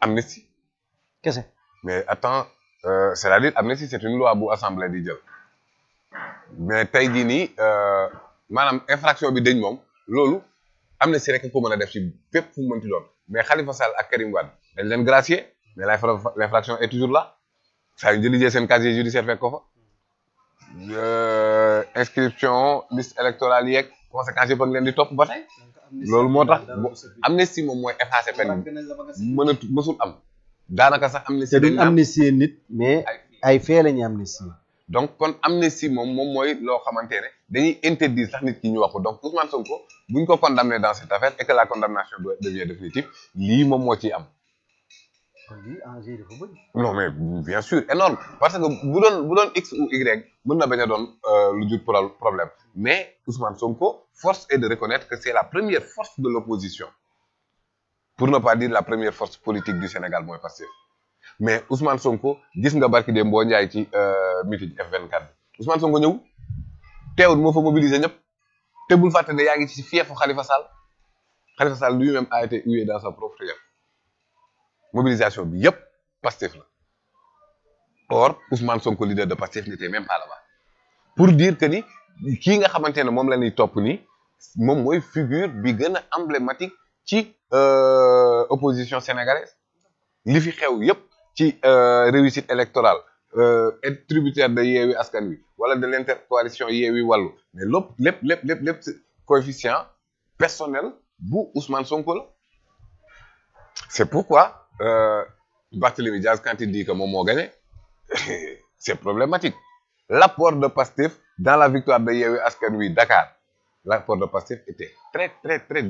amnistie kese mais attends euh, c'est-à-dire amnistie c'est une loi bu assemblée di jël mais tey jii nii euh, maanaam infraction bi dañ moom loolu amnistie rek ko mën a def ci bépp fu mu mënti doon mais Khalifa Sall ak Karim Wade dañ leen gracier mais l'infraction est toujours là saa yu jëlijee seen casier judiciaire fekk ko fa euh, inscription liste électorale yeeg conséquences yëpp a ngi leen di topp ba tey loolu moo tax amnistie moom mooy effacer peine mënatu mësul am daanaka sax amnistie te duñ amnistie nit mais ay fee la ñuy amnistie donc kon amnistie moom moom mooy loo xamante ne dañuy interdire sax nit ki ñu wax ko donc Ousmane Sonko buñ ko condamné dans cette affaire et que la condamnation devient définitive lii moom moo ciy am non mais bien sûr énorme parce que bu doon bu doon x ou y mën na bañ doon euh, lu jur problème mais Ousmane Sonko force est de reconnaître que c'est la première force de l'opposition pour ne pas dire la première force politique du Sénégal mooy Pastef mais Ousmane Sonko gis nga barki de boo njaay ci euh, meeting F24 Ousmane Sonko ñëw teewul moo fa mobiliser ñëpp te bul fàtte ne yaa ngi ci fiefu Khalifa Sall Khalifa Sall lui-même a été hué dans sa propre fief mobilisation bi yëpp Pastef la or Ousmane Sonko leader de Pastef n'était même pas pour dire que ni kii nga xamante ne moom lañuy ñuy topp ni moom mooy figure bi gën a emblématique ci euh, opposition sénégalaise li fi xew yëpp ci euh, réussite électorale euh, être tributaire de Yewwi Askan Wi wala de l'intercoalition Yewwi Wallu mais lépp lépp lépp lépp lépp coefficient personnel bu Ousmane Sonko la c'est pourquoi Barthélémy Diaz quand il dit moom moo gagné c'est problématique l'apport de Pastef dans la victoire de Yewwi Askan Wi Dakar l'apport de Pastef était très très très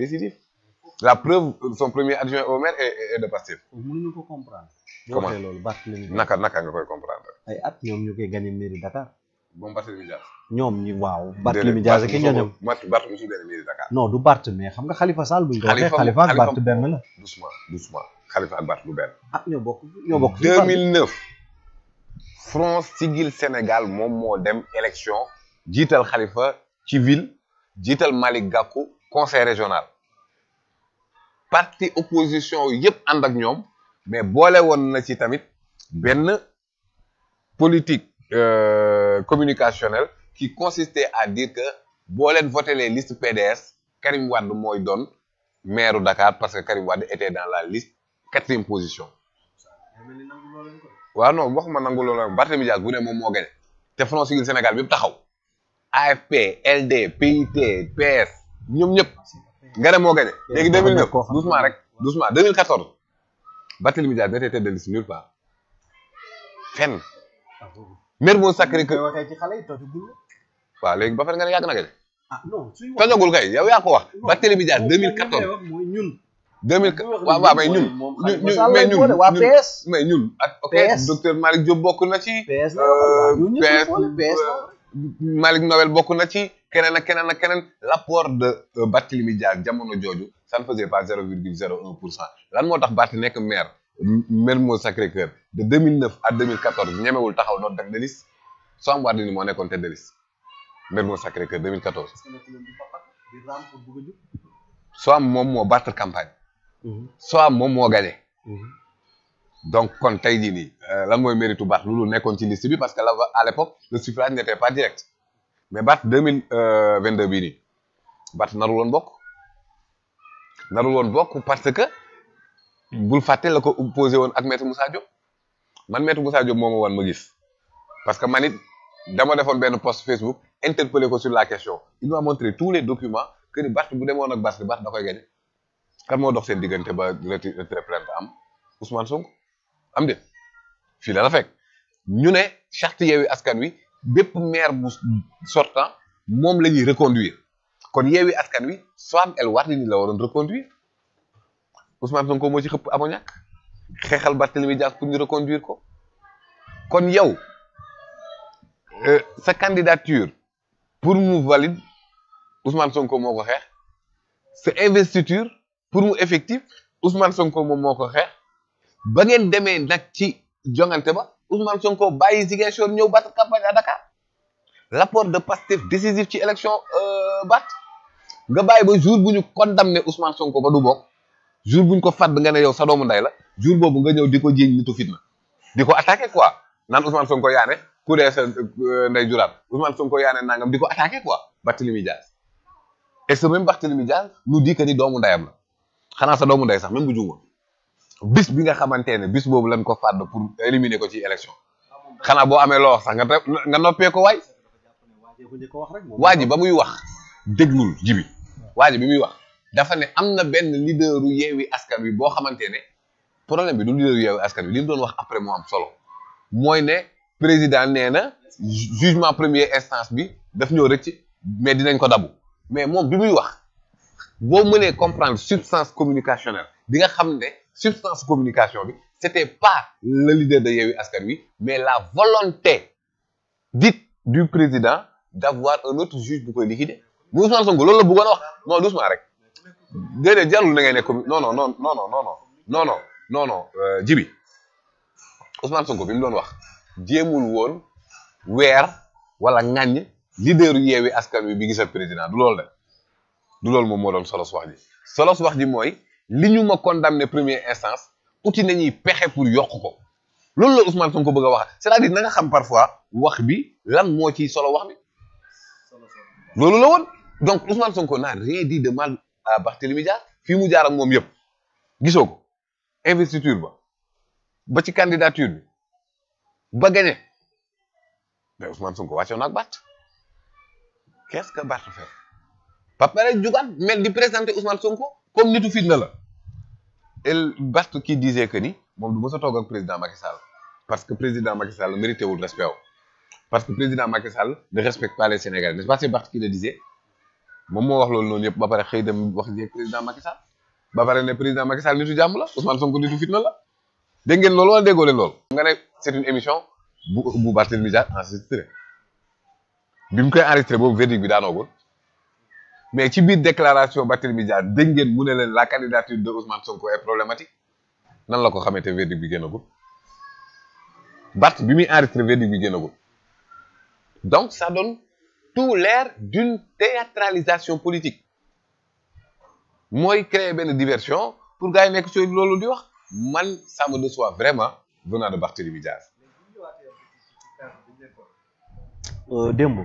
la preuve son premier adjoint au maire est de Pastef. mënuñu ko comprendre. comment loolu Barthélémy naka naka nga koy comprendre. ay at ñoom ñu ñoom ñi waaw. Barthélémy Diaz ak ñoom Bart Bart mosul gagné mairie Dakar. non du Bart mais xalifa ak Barth du benn. ah ñoo bokk ñoo bokk. 2009 France Siggil Sénégal moom moo dem élection jiital xalifa ci ville jiital Malick gàkku conseil régional parti opposition yëpp ànd ak ñoom mais boole woon na ci tamit benn politique euh, communicationnelle qui consistait à dire que boo leen voté les listes PDS Karim Wade mooy doon maire Dakar parce que Karim Wade était dans la liste quatrième position. waaw non waxuma nangu loolu rek Barthélemy Dias bu ne moom moo gën te Front Sénégal bi taxaw AFP LD PIT PS ñoom ñëpp nga ne moo gën léegi 2009 doucement rek doucement 2014 Barthélemy Dias dafay tête de liste nulle part fenn. Mermoz ah, Sacré-Cœur waxee léegi ba pare nga ne yàgg na gën. ah non kay yaa ko wax. Barthélemy Dias 2014 ñun. 2004 waaw waaw mais ñun. ñun ñun mais ñun mais ñun ak. ok docteur Malick Diop bokk na ci. PS euh, PS Malick bokk na ci. keneen ak keneen ak keneen l'apport de euh, Barthélemy Dias jamono jooju ça ne faisait pas zéro virgule zéro un pour cent lan moo tax Barth nekk maire Mermoz Sacré-Cœur de 2009 à 2014 ñemewul taxaw noonu tête de liste Soham Wardini moo nekkoon tête de liste Mermoz Sacré-Cœur 2014. Soham moom moo battre campagne. Mhm. soit moom moo gagné. Mhm. donc kon tey jii nii euh, lan mooy méritu Barth lu nekkoon ci liste bi parce que là à l'époque le suffrage n'était pas direct mais Barth deux mille vingt deux bii nii Barth narul woon bokk narul woon bokk parce que bul fàtte la ko opposé woon ak maître Moussa Diop man maître Moussa Diop moo ma wan ma gis parce que man it dama defoon benn post Facebook interpellé ko sur la question il m'a montré tous les documents que ni Barth bu demoon ak Barth Barth da koy gagné kan moo dox seen diggante ba retrait plainte am Ousmane Sonko am de fii la la fekk ñu ne charte Yewwi Askan Wi bépp maire bu sortant moom la ñuy reconduire kon Yewwi Askan Wi Soham El Wardini la waroon reconduire Ousmane Sonko moo ci xëpp amoo ñàkk xeexal Barthélemy Dias pour ñu reconduire ko kon yow euh, sa candidature pour mu valide Ousmane Sonko moo ko xeex sa investiture. pour mu effectif Ousmane Sonko moom moo ko xeex ba ngeen demee nag ci jongante ba Ousmane Sonko bàyyi Ziguinchor ñëw battre campagne à Dakar l'apport de Pastef décisif ci élection euh, bat nga bàyyi ba jour bu ñu condamné Ousmane Sonko ba du bokk jour buñ ko fàdd nga ne yow sa doomu nday la jour boobu nga ñëw di ko jiiñ nitu fitna di ko attaqué quoi naan Ousmane Sonko yaane ku dee sa euh, nday juraat Ousmane Sonko yaane nangam di ko attaqué quoi Barthélémy Dias et ce même Barthélémy Dias nous dit que ni doomu ndayam la. xanaa sa doomu ndey sax même bu juumoon bis bi nga xamante ne bis boobu lañ ko fàdd pour éliminer ko ci élection xanaa boo amee loo wax sax nga nga noppee ko waay waa ji ba muy wax déglul jibi waa bi muy wax dafa ne am na benn leaderu yeewi askan wi boo xamante ne problème bi du leaderu yeewi askan wi li mu doon wax après moo am solo mooy ne président nee na jugement première instance bi daf ñoo rëcc mais dinañ ko dabu mais moom bi muy wax boo mënee comprendre substance communicationnelle bi nga xam ne substance communication bi c'était pas le leader de Yewwi Askan Wi mais la volonté dite du président d'avoir un autre juge bu koy liquider mu Ousmane Sonko loolu la bëggoon a wax non doucement rek déedéet jarul na ngay ne commune non non non non non non non Jibi Ousmane Sonko bi mu doon wax jéemul woon weer wala ŋàññ leader yu Yewwi Askan Wi bi gisal président du loolu de. du loolu moom moo doon solos wax ji solos wax ji mooy li ñu ma condamné première instance na nañuy pexe pour yokk ko loolu la Ousmane Sonko bëgg a wax c'est-à-dire na nga xam parfois wax bi lan moo ciy solo wax bi loolu la woon donc Ousmane Sonko n'a rien dit de mal à Barthélémy Dias fii mu jaar moom yëpp gisoo ko investiture ba ba ci candidature bi ba gagné mais Ousmane Sonko wàccoon ak Barth qu'est-ce que Barth fait ba pare jugaat mel di présenter Ousmane Sonko comme nitu fitna la el Bastu kii disait que ni moom du mës a toog ak président Macky Sall parce que président Macky Sall mérité wul respect wu parce que président Macky Sall ne respecte pas les Sénégalais n'est-ce pas le disait moom moo wax loolu noonu yëpp ba pare xëy dem wax jeeg président Macky ba pare ne président Macky Sall nitu jàmm la Ousmane Sonko nitu fitna la dégg ngeen loolu wala déggoo leen loolu. nga ne c'est une émission bu bu Barthélémy Dias enregistré bi mu koy enregistré boobu verdict bi daanoogul. mais ci biir déclaration Barthélémy Dias dégg ngeen mu ne leen la candidature de Ousmane Sonko est problématique nan la ko xamante verdict bi génnagul Barth bi muy enregistré verdict bi génnagul donc ça donne tout l'air d'une théâtralisation politique mooy créer benn diversion pour gars yi nekk ci loolu di wax man ça me déçoit vraiment venant de Barthélémy Dias euh, démb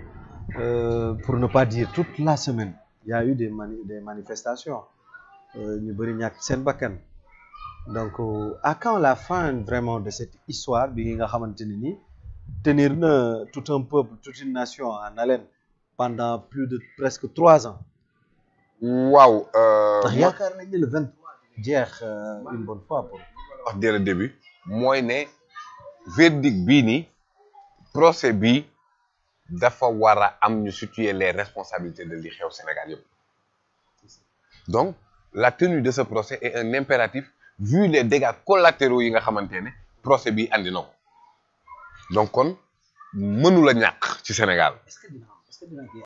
euh, pour ne pas dire toute la semaine y a eu des mani des manifestations euh, ñu bëri ñàkk seen bakkan donc a quand la fin vraiment de cette histoire bi nga xamante ne ni tenir na tout un peuple toute une nation en haleine pendant plus de presque trois ans. waaw. Euh, ndax yaakaar nañ jeex euh, une bonne début mooy ne verdict bii nii bi dafa war a am ñu situer les responsabilités de li xew Sénégal yëpp donc la tenu de ce procès est un impératif vu les dégâts collatéraux yi nga xamante ne procès bi andi ko donc kon mënula ñàkk ci Sénégal